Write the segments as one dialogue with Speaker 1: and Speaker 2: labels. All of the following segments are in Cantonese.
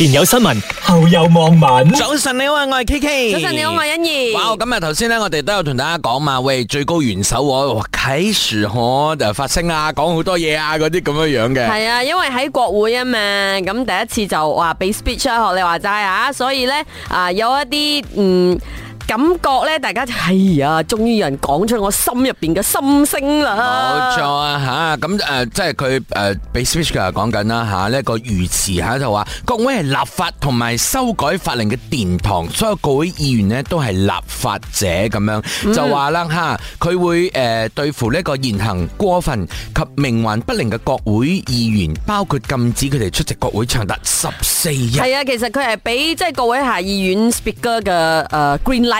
Speaker 1: 前有新聞，後有網民。早晨你好，我係 KK。早晨你好，我係欣宜。哇，咁啊頭先咧，我哋都有同大家講嘛，喂，最高元首我睇樹，我就發聲啊，講好多嘢啊，嗰啲咁樣樣嘅。係
Speaker 2: 啊，因為喺國會啊嘛，咁第一次就話俾 speech 學你話齋嚇，所以咧啊，有一啲嗯。感覺咧，大家係、哎、呀終於有人講出我心入邊嘅心聲啦！冇錯
Speaker 1: 啊，吓咁誒，即係佢誒，俾 speaker 講緊啦，吓呢一個御詞喺度話，各位係立法同埋修改法令嘅殿堂，所有各位議員呢都係立法者咁樣，嗯、就話啦吓，佢、啊、會誒、呃、對付呢一個言行過分及冥頑不靈嘅國會議員，包括禁止佢哋出席國會長達十四日。係
Speaker 2: 啊、嗯，其實佢係俾即係各位下議院 speaker 嘅誒、呃、green light。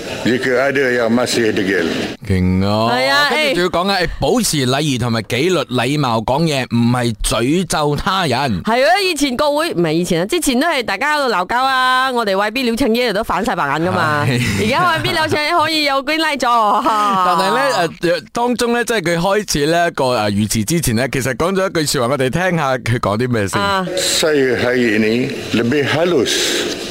Speaker 1: 你叫阿 dee 又唔使喺度叫，勁哦！我今日主要講緊，保持禮儀同埋紀律、禮貌講嘢，唔係詛
Speaker 2: 咒他人。係啊，以前個會唔係以前啊，之前都係大家喺度鬧交啊，我哋為 B 料襯嘢都反晒白眼噶嘛。而家為 B 料襯可以有關係咗。但係咧，
Speaker 1: 誒，當中咧，即係佢開始咧個誒，預辭之前咧，其實講咗一句說話，我哋聽下佢講啲咩先。Say hi, ni lebi halus。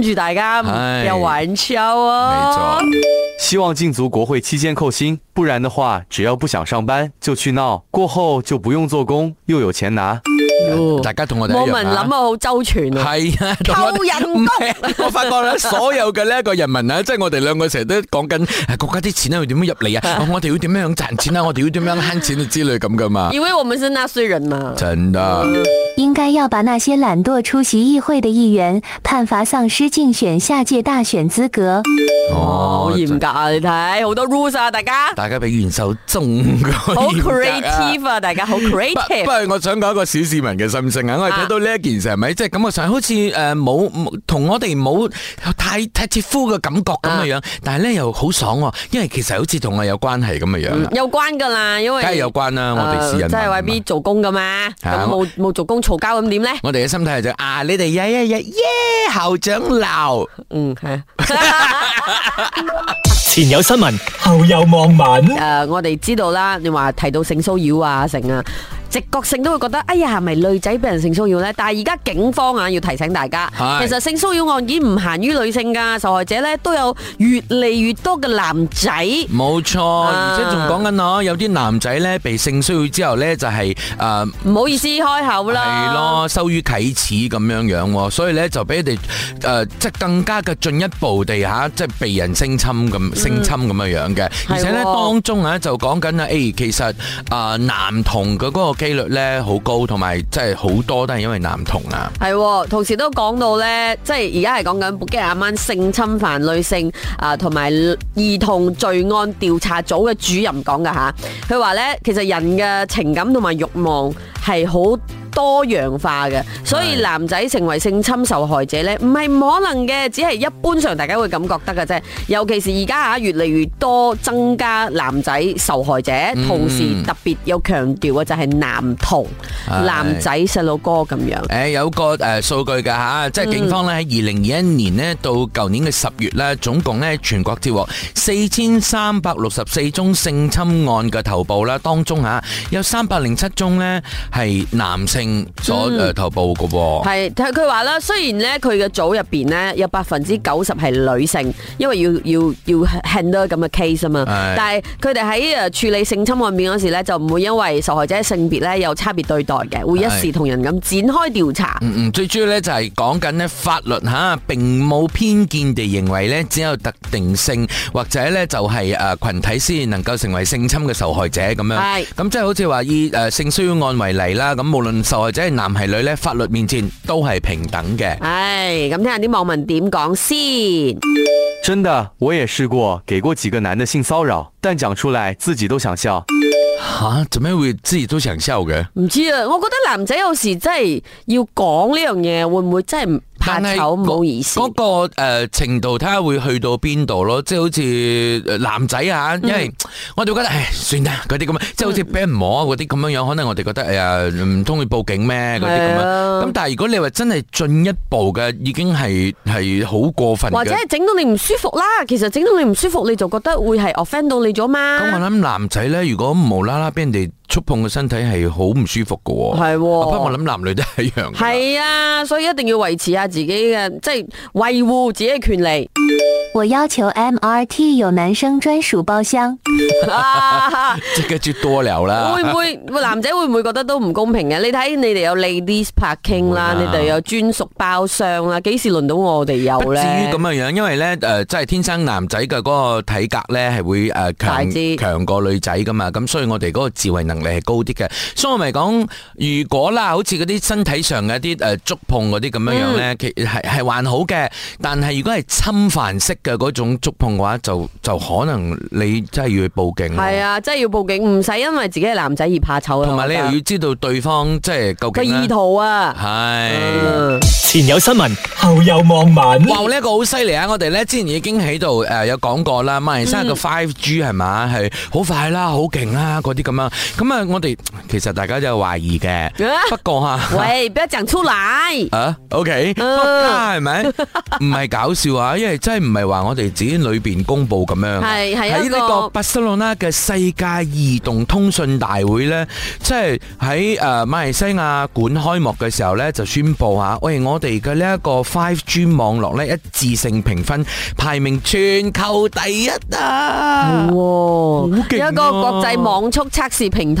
Speaker 2: 住大家，唔好玩笑哦、冇錯。希望禁
Speaker 1: 足國會期間扣薪，不然的話，只要不想上班就去鬧，過後就不用做工，又有錢拿。哦呃、大家同我哋一樣。網民諗
Speaker 2: 啊，好周全啊。係啊，扣人工。我發覺咧，所
Speaker 1: 有嘅呢一個人民啊， 即係我哋兩個成日都講緊，誒、 啊，國家啲錢啊，會點樣入嚟啊？我哋要點樣賺錢啊？我哋要點樣慳錢啊？ 之類咁噶嘛。以
Speaker 2: 為我們是納稅人啊，真的。嗯應該要把那些懶惰出席議會嘅議員判罰喪失競選下屆大選資格。哦，好嚴格啊，你睇好多 rules 啊，大家。
Speaker 1: 大家俾元首中個。好 creative 啊，大家好 creative。不過我想講個小市民嘅心聲啊，我哋睇到呢一件事係咪，即係感覺上，好似誒冇同我哋冇太太切膚嘅感覺咁嘅樣，但係咧又好爽喎，因為其實好似同我有關係咁嘅樣。
Speaker 2: 有關噶啦，因為。梗係有關啦，我哋市民。即係為 B 做工噶嘛，咁冇冇做工。嘈交咁點咧？我哋嘅心態就啊，你哋日日日耶校長鬧，嗯係啊。前有新聞，後有網民。誒，我哋知道啦。你話提到性騷擾啊，成啊。直覺性都會覺得，哎呀，係咪女仔俾人性騷擾咧？但係而家警方啊，要提醒大家，其實性騷擾案件唔限於女性噶，受害者咧都有越嚟越多嘅男仔。
Speaker 1: 冇錯，而且仲講緊啊，有啲男仔咧被性騷擾之後咧，就係誒，
Speaker 2: 唔好意思開
Speaker 1: 口啦，係咯，羞於啟齒咁樣樣，所以咧就俾佢哋誒，即係更加嘅進一步地吓，即係被人性侵咁性侵咁樣樣嘅。而且咧當中啊，就講緊啊，誒，其實誒男童嘅嗰個。機率咧好高，同埋即係好多都係因為男童，啊，
Speaker 2: 係同時都講到咧，即係而家係講緊布吉啱啱性侵犯女性啊，同埋兒童罪案調查組嘅主任講噶吓，佢話咧其實人嘅情感同埋慾望，係好多樣化嘅，所以男仔成為性侵受害者咧，唔係唔可能嘅，只係一般上大家會咁覺得嘅啫。尤其是而家啊，越嚟越多增加男仔受害者，同時特別有強調嘅就係男童、男仔、細路哥咁樣。誒，
Speaker 1: 有個誒數據嘅吓，即係警方咧喺二零二一年咧到舊年嘅十月咧，總共咧全國接獲四千三百六十四宗性侵案嘅投報啦，當中吓有三百零七宗咧，係男性所誒投報嘅㗎喎，
Speaker 2: 係睇佢話啦。雖然咧佢嘅組入面呢，有百分之九十係女性，因為要要要 handle 咁嘅 case 啊嘛。是但係佢哋喺處理性侵案件嗰時咧，就唔會因為受害者性別咧有差別對待嘅，會一視同仁咁展開調查。
Speaker 1: 嗯嗯，最主要咧就係講緊呢法律下並冇偏見地認為咧只有特定性或者咧就係、是呃、羣體先能夠成為性侵嘅受害者咁樣。係是咁即係好似話以誒性騷擾案為例。嚟啦！咁無論受害者係男係女咧，法律面前都係平等嘅。
Speaker 2: 唉、哎，咁聽下啲網民點講先。
Speaker 1: 真㗎我也試過，給過幾個男的性騷擾，但講出來自己都想笑。吓？點咩會自己都想笑嘅？
Speaker 2: 唔知啊，我覺得男仔有時真係要講呢樣嘢，會唔會真係但係唔好意思，嗰
Speaker 1: 個誒程度，睇下會去到邊度咯，即係好似男仔啊，因為我就覺得誒算啦，嗰啲咁，即係好似俾人摸嗰啲咁樣樣，可能我哋覺得誒呀唔通會報警咩嗰啲咁，咁但係如果你話真係進一步嘅，已經係係好過分，或者係
Speaker 2: 整到你唔舒服啦，其實整到你唔舒服，你就覺得會係 offend 到你咗嘛。咁我
Speaker 1: 諗男仔咧，如果無啦啦俾人哋。觸碰嘅身體係好唔舒服嘅，係，不過我諗男女都係一樣。係
Speaker 2: 啊，所以一定要維持下自己嘅，即係維護自己嘅權利。我要求 MRT 有男生專屬包廂。
Speaker 1: 啊、 即這個多聊啦。男會唔
Speaker 2: 會男仔會唔會覺得都唔公平嘅？ 你睇你哋有 ladies parking 啦會、啊，你哋有專屬包廂啦，幾時輪到我哋有呢？至於咁
Speaker 1: 嘅樣，因為咧誒，即、呃、係天生男仔嘅嗰個體格咧係會誒強強過女仔噶嘛，咁所以我哋嗰個自衛能嚟係高啲嘅，所以我咪講，如果啦，好似嗰啲身體上嘅一啲誒觸碰嗰啲咁樣樣咧，其實係還好嘅，但係如果係侵犯式嘅嗰種觸碰嘅話，就就可能你真係要去報警。係啊，
Speaker 2: 真係要報警，唔使因為自己係男仔而怕醜。同埋你又
Speaker 1: 要知道對方即係究竟嘅意圖啊。係前有新聞，後有網民。哇，呢一個好犀利啊！我哋咧之前已經喺度誒有講過啦，馬雲生日嘅 Five G 係嘛係好快啦，好勁啦，嗰啲咁樣咁。我哋其實大家都有懷疑嘅，不過吓，喂，
Speaker 2: 不要講出來
Speaker 1: 啊。OK，係咪唔係搞笑啊？因為真係唔係話我哋自己裏邊公佈咁樣。係，係呢個巴塞隆納嘅世界移動通訊大會咧，即係喺誒馬來西亞館開幕嘅時候咧，就宣佈吓，喂，我哋嘅呢一個 Five G 網絡咧，一致性評分排名全球第一啊！
Speaker 2: 哇，好勁，有一個國際網速測試平台。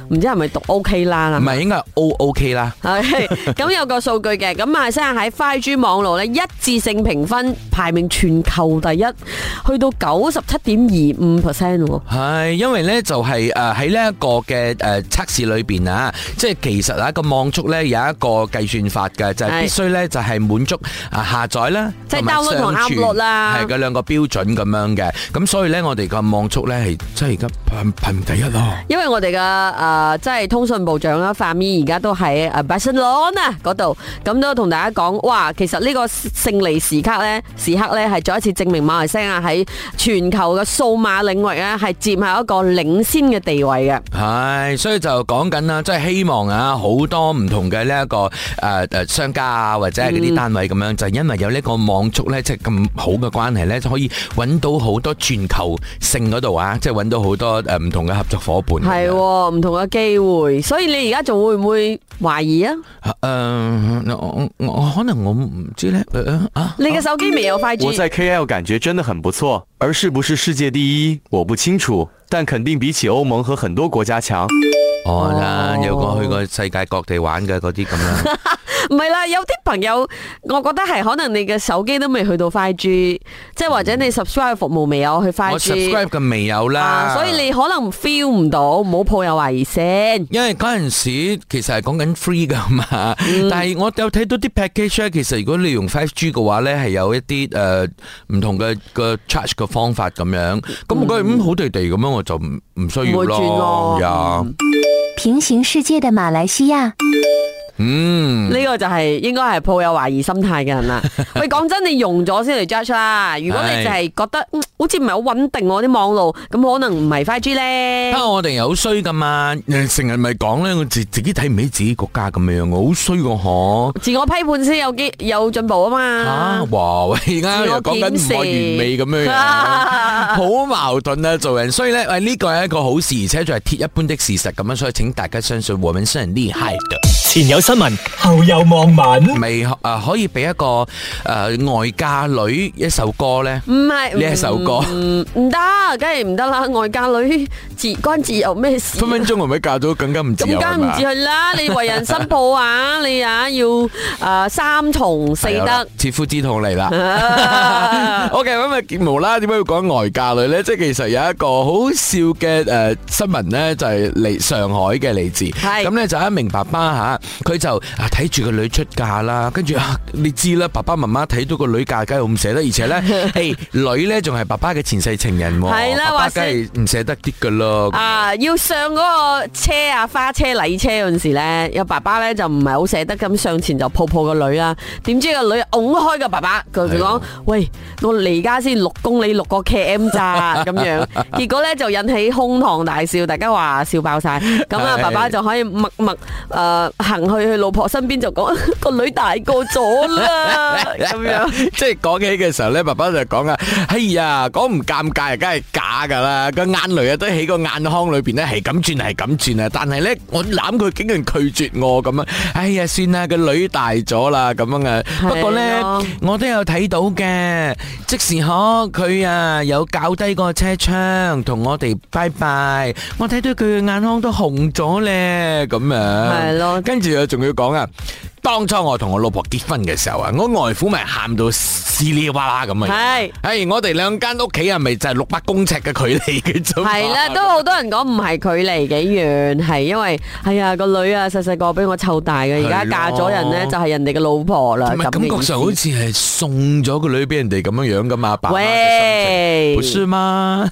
Speaker 2: 唔知係咪讀 O K 啦啦？唔係，應該係 O O K 啦。係咁有個數據嘅，咁啊，即係喺 Five G 網絡咧，一致性評分排名全球第一，去到九十七點二五 percent。
Speaker 1: 係，因為咧就係誒喺呢一個嘅誒測試裏邊啊，即係其實啊個網速咧有一個計算法嘅，就係必須咧就係滿足啊下載啦，即係 download 同埋上傳啦，係嗰兩個標準咁樣嘅。咁所以咧，我哋個網速咧係即係而家排排名第一
Speaker 2: 咯。因為我哋嘅誒。誒，即係通訊部長啊，范咪而家都喺誒巴塞隆啊嗰度，咁都同大家講，哇，其實呢個勝利時刻咧，時刻咧係再一次證明馬來西亞喺全球嘅數碼領域咧係佔係一個領先嘅地位嘅。
Speaker 1: 係，所以就講緊啦，即係希望啊，好多唔同嘅呢一個誒誒商家啊，或者係嗰啲單位咁樣，就因為有呢個網速咧，即係咁好嘅關係咧，就可以搵到好多全球性嗰度啊，即係搵到好多誒唔同嘅合作夥伴。
Speaker 2: 係，唔同嘅。機會，所以你而家仲會唔會懷疑啊、
Speaker 1: uh, 呃？可能我唔知呢。Uh,
Speaker 2: 你嘅手機未有快轉？我在
Speaker 1: KL 感覺真的很不錯，而是不是世界第一，我不清楚，但肯定比起歐盟和很多國家強。哦，有過去過世界各地玩嘅嗰啲咁樣。
Speaker 2: 唔係啦，有啲朋友，我覺得係可能你嘅手機都未去到 5G，即係或者你 subscribe 服務未有去 5G。subscribe
Speaker 1: 嘅未有啦，所以你
Speaker 2: 可能 feel 唔到，唔好抱有懷疑先。
Speaker 1: 因為嗰陣時其實係講緊 free 噶嘛，但係我有睇到啲 package，其實如果你用 5G 嘅話咧，係有一啲誒唔同嘅個 charge 嘅方法咁樣。咁我覺得咁好地地咁樣，我就唔唔需要咯。有
Speaker 2: 平行世界的馬來西亞。嗯，呢個就係、是、應該係抱有懷疑心態嘅人啦。 喂，講真，你用咗先嚟 judge 啦。如果你就係覺得唉、嗯、好似唔係好穩定我啲網路，咁可能唔係 5G 咧。啊，我哋有衰噶
Speaker 1: 嘛，成日咪講咧，我自己睇唔起自己國家咁樣嘅，好衰嘅可。啊、
Speaker 2: 自我批判先有啲有進步啊嘛。吓、
Speaker 1: 啊，華為而家又講緊唔夠完美咁樣，好 矛盾啊！做人，所以咧，誒、哎、呢、這個係一個好事，而且仲係鐵一般的事實咁樣，所以請大家相信我們是人的。華為雖然呢 h 前有。新聞後有網民未？誒，可以俾一個誒外嫁女一首歌咧？唔係呢一首歌，唔
Speaker 2: 唔得，梗係唔得啦！外嫁女自關自由咩事？分分鐘我咪嫁咗，更加唔自由係嘛？更加唔係啦！你為人新抱啊，你啊要誒三從四德，
Speaker 1: 切膚之痛嚟啦。OK 咁啊無啦，點解要講外嫁女咧？即係其實有一個好笑嘅誒新聞咧，就係嚟上海嘅嚟自，咁咧就一名爸爸吓。佢就啊睇住個女出嫁啦，跟住啊你知啦，爸爸媽媽睇到個女嫁，梗係唔捨得，而且咧，誒，女咧仲係爸爸嘅前世情人，係啦，爸爸梗係唔捨得啲噶啦。啊，
Speaker 2: 要上嗰個車啊，花車禮車嗰陣時咧，有爸爸咧就唔係好捨得咁上前就抱抱個女啦。點知個女拱開個爸爸，佢就講：喂，我離家先六公里六個 km 咋？咁樣，結果咧就引起哄堂大笑，大家話笑爆晒。咁啊，爸爸就可以默默誒行去。佢去老婆身邊就講，個女大個咗啦，咁
Speaker 1: 樣即係講起嘅時候咧，爸爸就講啊，哎呀，講唔尷尬啊，梗係假噶啦，個眼淚啊都喺個眼眶裏邊咧，係咁轉，係咁轉啊，但係咧我攬佢竟然拒絕我咁啊，哎呀，算啦，個女大咗啦，咁樣啊，不過咧我都有睇到嘅，即時可佢啊有較低個車窗同我哋拜拜，我睇到佢嘅眼眶都紅咗咧，咁樣，係咯，跟住又。仲要講啊！當初我同我老婆結婚嘅時候啊，我外父咪喊到稀里嘩啦咁啊！係是，我哋兩間屋企係咪就係六百公尺嘅距離嘅啫？係啦，都
Speaker 2: 好多人講唔係距離幾遠，係因為係、哎、呀，個女啊細細個俾我湊大嘅，而家嫁咗人咧就係人哋嘅老婆啦。感覺上好
Speaker 1: 似係送咗個女俾人哋咁樣樣噶嘛？爸爸。喂，好嘅心輸嗎？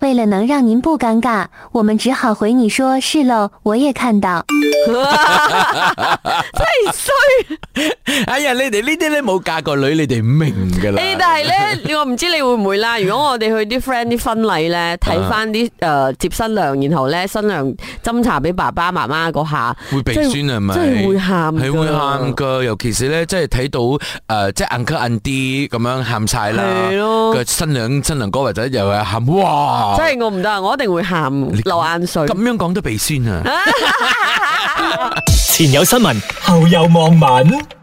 Speaker 2: 為了能讓您不尷尬，我們只好回你說是咯，我也看到。 真衰 壞！
Speaker 1: 哎呀，你哋呢啲咧冇嫁過女，你哋唔明噶啦。誒，
Speaker 2: 但係咧，我唔知道你會唔會啦。如果我哋去啲 friend 啲婚禮咧，睇翻啲誒接新娘，然後咧新娘斟茶俾爸爸媽媽嗰下，會鼻酸係咪？真係會喊，係會喊噶，
Speaker 1: 尤其是咧，即係睇到誒、呃、即係眼咳眼啲咁樣喊晒啦。個的新娘新娘哥或者又會喊哇。真係
Speaker 2: 我唔得，我一定會喊流眼水。咁樣講都鼻酸啊！
Speaker 1: 前有新聞，後有網民。